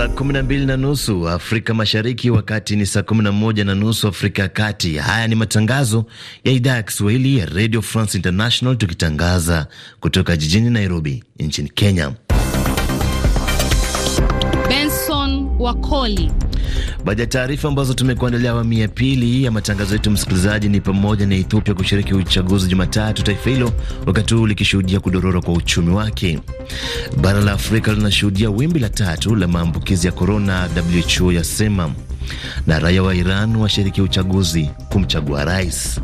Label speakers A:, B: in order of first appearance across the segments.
A: Saa 12 na nusu Afrika Mashariki, wakati ni saa 11 na nusu Afrika ya Kati. Haya ni matangazo ya idhaa ya Kiswahili ya Radio France International, tukitangaza kutoka jijini Nairobi nchini Kenya. Benson Wakoli baada ya taarifa ambazo tumekuandalia awamu ya pili ya matangazo yetu, msikilizaji, ni pamoja na Ethiopia kushiriki uchaguzi Jumatatu, taifa hilo wakati huu likishuhudia kudorora kwa uchumi wake. Bara la Afrika linashuhudia wimbi la tatu la maambukizi ya korona, WHO yasema, na raia wa Iran washiriki uchaguzi kumchagua rais.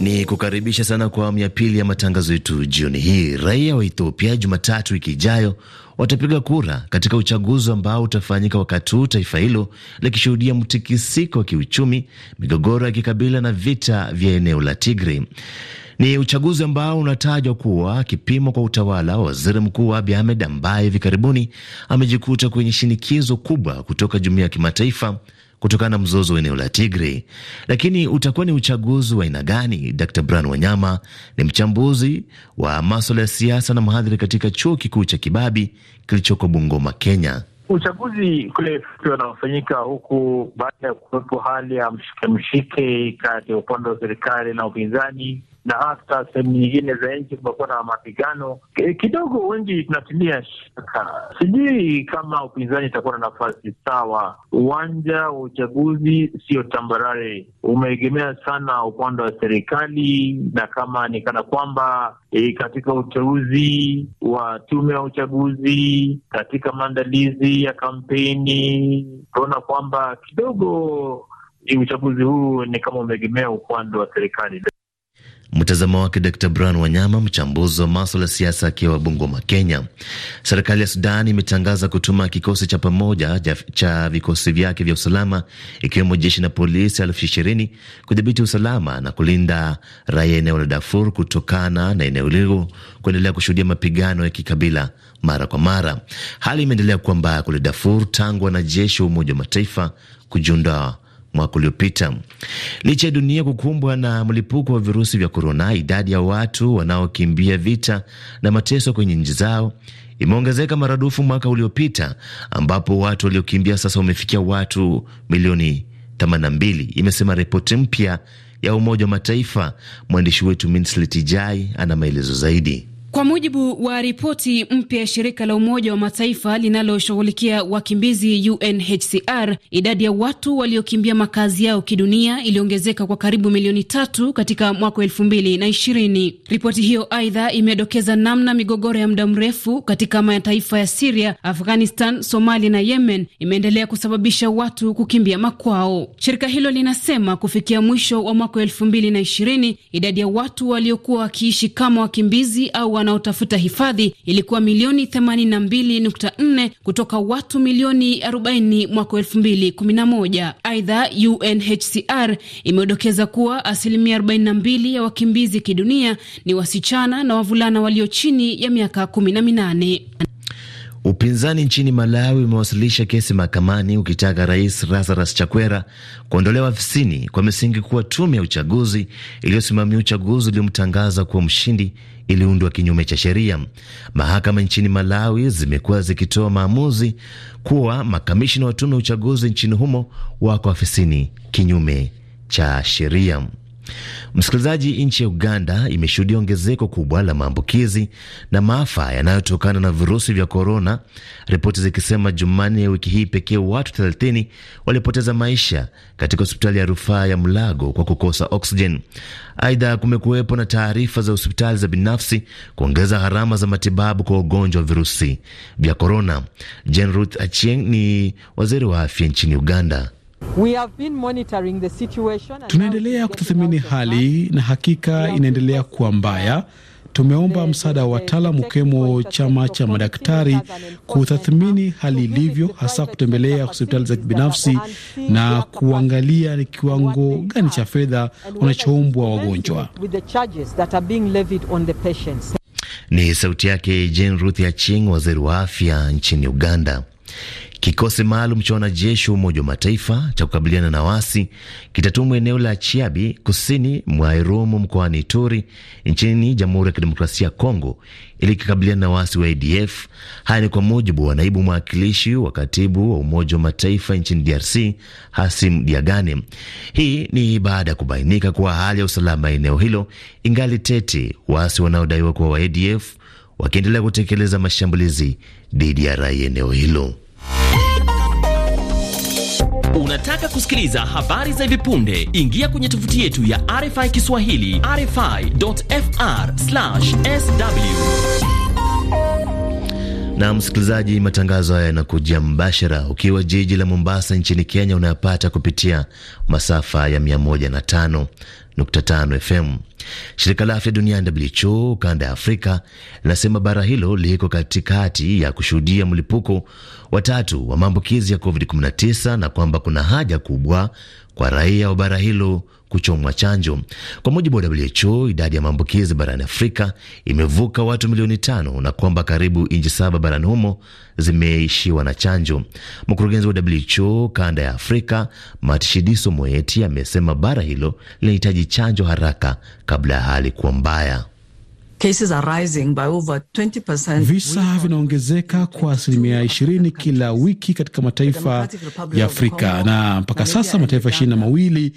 A: Ni kukaribisha sana kwa awamu ya pili ya matangazo yetu jioni hii. Raia wa Ethiopia Jumatatu wiki ijayo watapiga kura katika uchaguzi ambao utafanyika wakati huu taifa hilo likishuhudia mtikisiko wa kiuchumi, migogoro ya kikabila na vita vya eneo la Tigray. Ni uchaguzi ambao unatajwa kuwa kipimo kwa utawala wa waziri mkuu Abiy Ahmed ambaye hivi karibuni amejikuta kwenye shinikizo kubwa kutoka jumuiya ya kimataifa kutokana na mzozo wa eneo la Tigray. Lakini utakuwa ni uchaguzi wa aina gani? Dr Brian Wanyama ni mchambuzi wa maswala ya siasa na mhadhiri katika chuo kikuu cha Kibabi kilichoko Bungoma, Kenya. Uchaguzi kule unaofanyika huku baada ya kuwepo hali ya mshike mshike kati ya upande wa serikali na upinzani, na hasa sehemu nyingine za nchi kumekuwa na mapigano e, kidogo wengi tunatilia shaka. Sijui kama upinzani itakuwa na nafasi sawa. Uwanja wa uchaguzi sio tambarare, umeegemea sana upande wa serikali, na kama ni kana kwamba e, katika uteuzi wa tume ya uchaguzi, katika maandalizi ya kampeni, tunaona kwamba kidogo uchaguzi huu ni kama umeegemea upande wa serikali. Mtazamo wake Dr Brian Wanyama, mchambuzi wa maswala ya siasa akiwa Bungoma, Kenya. Serikali ya Sudan imetangaza kutuma kikosi cha pamoja cha vikosi vyake vya usalama ikiwemo jeshi na polisi elfu ishirini kudhibiti usalama na kulinda raia eneo la Darfur kutokana na eneo hilo kuendelea kushuhudia mapigano ya kikabila mara kwa mara. Hali imeendelea kuwa mbaya kule Darfur tangu wanajeshi wa Umoja wa Mataifa kujiondoa mwaka uliopita. Licha ya dunia kukumbwa na mlipuko wa virusi vya korona, idadi ya watu wanaokimbia vita na mateso kwenye nchi zao imeongezeka maradufu mwaka uliopita, ambapo watu waliokimbia sasa wamefikia watu milioni 82, imesema ripoti mpya ya Umoja wa Mataifa. Mwandishi wetu Minslet Jai ana maelezo zaidi.
B: Kwa mujibu wa ripoti
A: mpya ya shirika la Umoja wa Mataifa linaloshughulikia wakimbizi UNHCR, idadi ya watu waliokimbia makazi yao kidunia iliongezeka kwa karibu milioni tatu katika mwaka elfu mbili na ishirini. Ripoti hiyo aidha imedokeza namna migogoro ya muda mrefu katika mataifa ya Siria, Afghanistan, Somalia na Yemen imeendelea kusababisha watu kukimbia makwao. Shirika hilo linasema kufikia mwisho wa mwaka elfu mbili na ishirini idadi ya watu waliokuwa wakiishi kama wakimbizi au wanaotafuta hifadhi ilikuwa milioni 82.4 kutoka watu milioni 40 mwaka 2011. Aidha, UNHCR imeodokeza kuwa asilimia 42 ya wakimbizi kidunia ni wasichana na wavulana walio chini ya miaka 18. Upinzani nchini Malawi umewasilisha kesi mahakamani ukitaka rais Lazarus Chakwera kuondolewa ofisini kwa misingi kuwa tume ya uchaguzi iliyosimamia uchaguzi uliomtangaza kuwa mshindi iliundwa kinyume cha sheria. Mahakama nchini Malawi zimekuwa zikitoa maamuzi kuwa makamishina wa tume ya uchaguzi nchini humo wako ofisini kinyume cha sheria. Msikilizaji, nchi ya Uganda imeshuhudia ongezeko kubwa la maambukizi na maafa yanayotokana na virusi vya korona, ripoti zikisema Jumanne ya wiki hii pekee watu 30 walipoteza maisha katika hospitali ya rufaa ya Mulago kwa kukosa oksijen. Aidha, kumekuwepo na taarifa za hospitali za binafsi kuongeza gharama za matibabu kwa ugonjwa wa virusi vya korona. Jane Ruth Achieng ni waziri wa afya nchini Uganda. Tunaendelea kutathmini hali
B: na hakika inaendelea kuwa mbaya. Tumeomba msaada wa wataalam ukiwemo chama cha madaktari kutathmini hali ilivyo, hasa kutembelea hospitali za kibinafsi na kuangalia ni kiwango gani cha fedha wanachoombwa
A: wagonjwa. Ni sauti yake Jane Ruth Acheng, waziri wa afya nchini Uganda. Kikosi maalum cha wanajeshi wa Umoja wa Mataifa cha kukabiliana na wasi kitatumwa eneo la Chiabi kusini mwa Irumu mkoani Ituri nchini Jamhuri ya Kidemokrasia ya Kongo ili kikabiliana na wasi wa ADF. Haya ni kwa mujibu wa naibu mwakilishi wa katibu wa Umoja wa Mataifa nchini DRC Hasim Diagane. Hii ni baada ya kubainika kuwa hali ya usalama eneo hilo ingali tete, waasi wanaodaiwa kuwa wa ADF wakiendelea kutekeleza mashambulizi dhidi ya raia eneo hilo. Unataka kusikiliza habari za hivi punde? Ingia kwenye tovuti yetu ya RFI Kiswahili,
B: rfi.fr/sw.
A: Na msikilizaji, matangazo haya yanakujia mbashara ukiwa jiji la Mombasa nchini Kenya, unayapata kupitia masafa ya 105.5 FM. Shirika la afya duniani WHO kanda ya Afrika linasema bara hilo liko katikati ya kushuhudia mlipuko wa tatu wa maambukizi ya COVID-19 na kwamba kuna haja kubwa kwa raia wa bara hilo kuchomwa chanjo. Kwa mujibu wa WHO, idadi ya maambukizi barani Afrika imevuka watu milioni tano na kwamba karibu nchi saba barani humo zimeishiwa na chanjo. Mkurugenzi wa WHO kanda ya Afrika, Matshidiso Moeti, amesema bara hilo linahitaji chanjo haraka kabla ya hali kuwa mbaya.
B: Cases are rising by over 20%. Visa vinaongezeka kwa asilimia ishirini kila wiki katika mataifa ya Afrika na mpaka sasa mataifa ishirini na mawili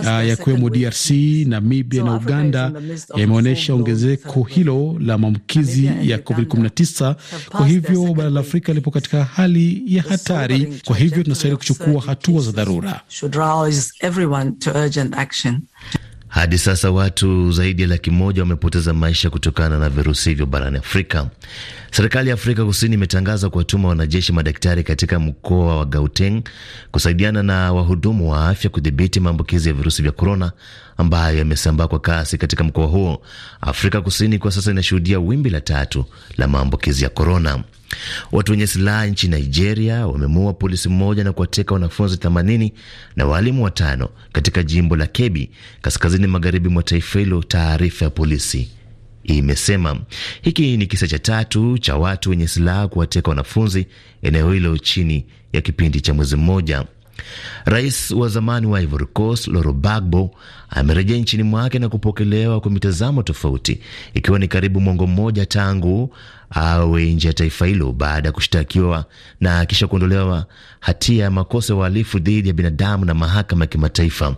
B: uh, yakiwemo DRC, Namibia na Uganda yameonyesha ongezeko hilo la maambukizi ya COVID-19. Kwa hivyo bara la Afrika lipo katika hali ya hatari, kwa hivyo tunastahili kuchukua hatua za dharura.
A: Hadi sasa watu zaidi ya laki moja wamepoteza maisha kutokana na virusi hivyo barani Afrika. Serikali ya Afrika Kusini imetangaza kuwatuma wanajeshi madaktari katika mkoa wa Gauteng kusaidiana na wahudumu wa afya kudhibiti maambukizi ya virusi vya korona ambayo yamesambaa kwa kasi katika mkoa huo. Afrika Kusini kwa sasa inashuhudia wimbi la tatu la maambukizi ya korona. Watu wenye silaha nchi Nigeria wamemuua polisi mmoja na kuwateka wanafunzi 80 na waalimu watano katika jimbo la Kebi, kaskazini magharibi mwa taifa hilo, taarifa ya polisi imesema. Hiki ni kisa cha tatu cha watu wenye silaha kuwateka wanafunzi eneo hilo chini ya kipindi cha mwezi mmoja. Rais wa zamani wa Ivory Coast Laurent Gbagbo amerejea nchini mwake na kupokelewa kwa mitazamo tofauti, ikiwa ni karibu mwongo mmoja tangu awe nje ya taifa hilo baada ya kushtakiwa na kisha kuondolewa hatia ya makosa ya uhalifu dhidi ya binadamu na mahakama ya kimataifa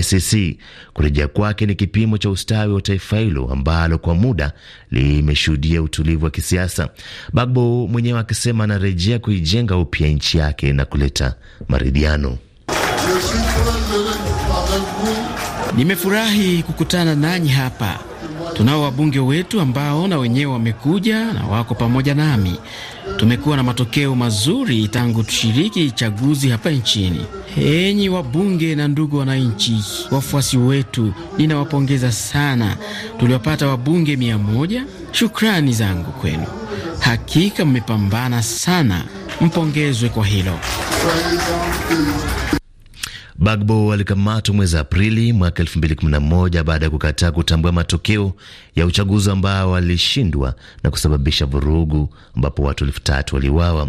A: ICC. Kurejea kwake ni kipimo cha ustawi wa taifa hilo ambalo kwa muda limeshuhudia utulivu wa kisiasa, Bagbo mwenyewe akisema anarejea kuijenga upya nchi yake na kuleta maridhiano. Nimefurahi kukutana
B: nanyi hapa Tunao wabunge wetu ambao na wenyewe wamekuja na wako pamoja nami. Tumekuwa na matokeo mazuri tangu tushiriki chaguzi hapa nchini. Enyi wabunge na ndugu wananchi, wafuasi wetu, ninawapongeza sana. Tuliwapata wabunge mia moja. Shukrani zangu kwenu,
A: hakika mmepambana
B: sana, mpongezwe kwa hilo.
A: Bagbo alikamatwa mwezi Aprili mwaka 2011 baada ya kukataa kutambua matokeo ya uchaguzi ambao alishindwa na kusababisha vurugu ambapo watu elfu tatu waliuawa.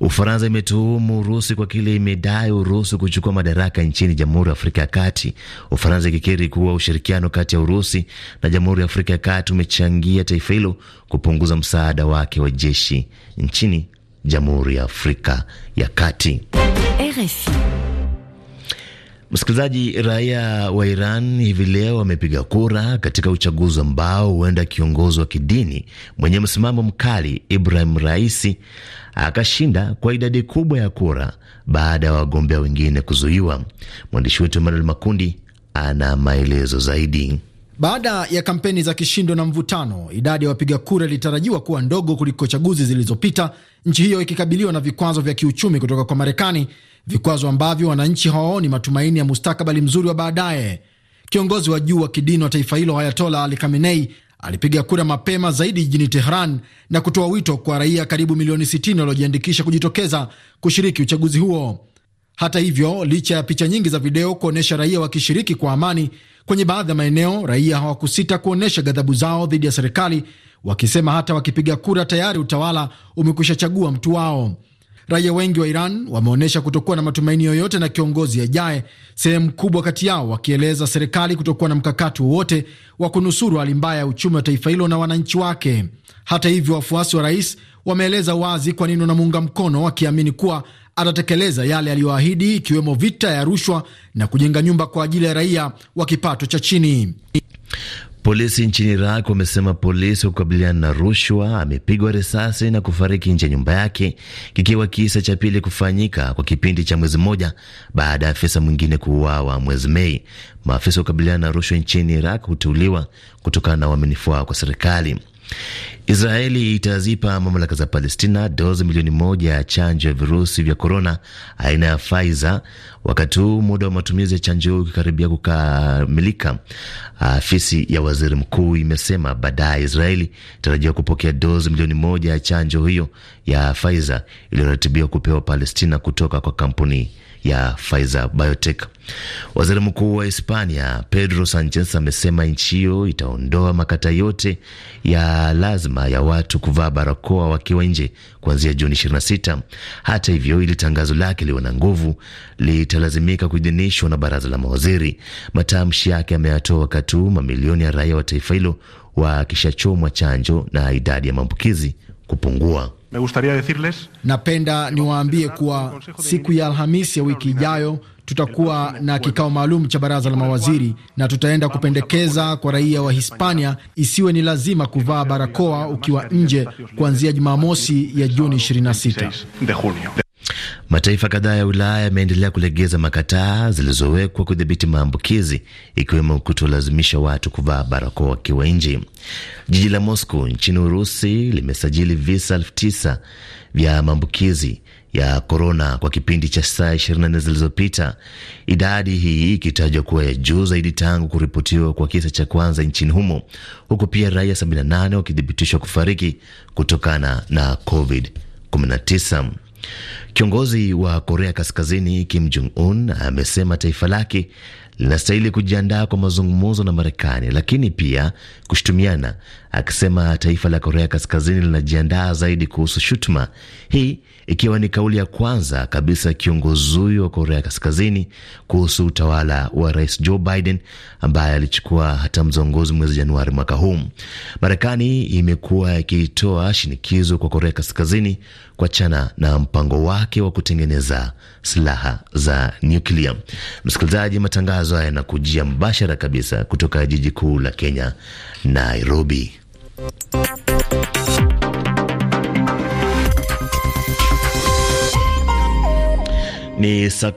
A: Ufaransa imetuhumu Urusi kwa kile imedai Urusi kuchukua madaraka nchini Jamhuri ya Afrika ya Kati, Ufaransa ikikiri kuwa ushirikiano kati ya Urusi na Jamhuri ya Afrika ya Kati umechangia taifa hilo kupunguza msaada wake wa jeshi nchini Jamhuri ya Afrika ya Kati. RFI. Msikilizaji, raia wa Iran hivi leo wamepiga kura katika uchaguzi ambao huenda kiongozi wa kidini mwenye msimamo mkali Ibrahim Raisi akashinda kwa idadi kubwa ya kura baada ya wagombea wengine kuzuiwa. Mwandishi wetu Emmanuel Makundi ana maelezo zaidi.
B: Baada ya kampeni za kishindo na mvutano, idadi ya wapiga kura ilitarajiwa kuwa ndogo kuliko chaguzi zilizopita, nchi hiyo ikikabiliwa na vikwazo vya kiuchumi kutoka kwa Marekani, vikwazo ambavyo wananchi hawaoni matumaini ya mustakabali mzuri wa baadaye. Kiongozi wa juu wa kidini wa taifa hilo Ayatola Ali Khamenei alipiga kura mapema zaidi jijini Tehran na kutoa wito kwa raia karibu milioni 60 waliojiandikisha kujitokeza kushiriki uchaguzi huo. Hata hivyo, licha ya picha nyingi za video kuonyesha raia wakishiriki kwa amani, Kwenye baadhi ya maeneo, raia hawakusita kuonyesha ghadhabu zao dhidi ya serikali, wakisema hata wakipiga kura tayari utawala umekwisha chagua mtu wao. Raia wengi wa Iran wameonyesha kutokuwa na matumaini yoyote na kiongozi ajaye, sehemu kubwa kati yao wakieleza serikali kutokuwa na mkakati wowote wa kunusuru hali mbaya ya uchumi wa taifa hilo na wananchi wake. Hata hivyo, wafuasi wa rais wameeleza wazi kwa nini wanamuunga mkono, wakiamini kuwa atatekeleza yale aliyoahidi, ikiwemo vita ya rushwa na kujenga nyumba kwa ajili ya raia wa kipato cha chini.
A: Polisi nchini Iraq wamesema polisi wa kukabiliana na rushwa amepigwa risasi na kufariki nje ya nyumba yake, kikiwa kisa cha pili kufanyika kwa kipindi cha mwezi mmoja baada ya afisa mwingine kuuawa mwezi Mei. Maafisa wa kukabiliana na rushwa nchini Iraq huteuliwa kutokana na uaminifu wao kwa serikali. Israeli itazipa mamlaka za Palestina dozi milioni moja ya chanjo ya virusi vya korona aina ya Pfizer, wakati huu muda wa matumizi ya chanjo huu ukikaribia kukamilika. Afisi ya waziri mkuu imesema baadaye Israeli itarajia kupokea dozi milioni moja ya chanjo hiyo ya Pfizer iliyoratibiwa kupewa Palestina kutoka kwa kampuni ya Pfizer Biotech. Waziri mkuu wa Hispania Pedro Sanchez amesema nchi hiyo itaondoa makata yote ya lazima ya watu kuvaa barakoa wakiwa nje kuanzia Juni 26. Hata hivyo, ili tangazo lake liwe na nguvu, litalazimika kuidhinishwa na baraza la mawaziri. Matamshi yake ameyatoa wakati huu mamilioni ya raia wa taifa hilo wakishachomwa chanjo na idadi ya maambukizi kupungua.
B: napenda niwaambie kuwa siku ya Alhamisi ya wiki ijayo tutakuwa na kikao maalum cha baraza la mawaziri na tutaenda kupendekeza kwa raia wa Hispania isiwe ni lazima kuvaa barakoa ukiwa nje kuanzia Jumamosi ya Juni 26.
A: Mataifa kadhaa ya Ulaya yameendelea kulegeza makataa zilizowekwa kudhibiti maambukizi ikiwemo kutolazimisha watu kuvaa barakoa wakiwa nje. Jiji la Moscow nchini Urusi limesajili visa elfu tisa vya maambukizi ya korona kwa kipindi cha saa 24 zilizopita, idadi hii ikitajwa kuwa ya juu zaidi tangu kuripotiwa kwa kisa cha kwanza nchini humo, huku pia raia 78 wakithibitishwa kufariki kutokana na COVID-19. Kiongozi wa Korea Kaskazini Kim Jong Un amesema taifa lake linastahili kujiandaa kwa mazungumzo na Marekani, lakini pia kushutumiana, akisema taifa la Korea Kaskazini linajiandaa zaidi kuhusu shutuma hii, ikiwa ni kauli ya kwanza kabisa kiongozi huyo wa Korea Kaskazini kuhusu utawala wa Rais Joe Biden ambaye alichukua hatamu za uongozi mwezi Januari mwaka huu. Marekani imekuwa ikitoa shinikizo kwa Korea Kaskazini kuachana na mpango wake wa kutengeneza silaha za nyuklia. Msikilizaji, matangazo matangazo haya yanakujia mbashara kabisa kutoka jiji kuu la Kenya, Nairobi. Ni saa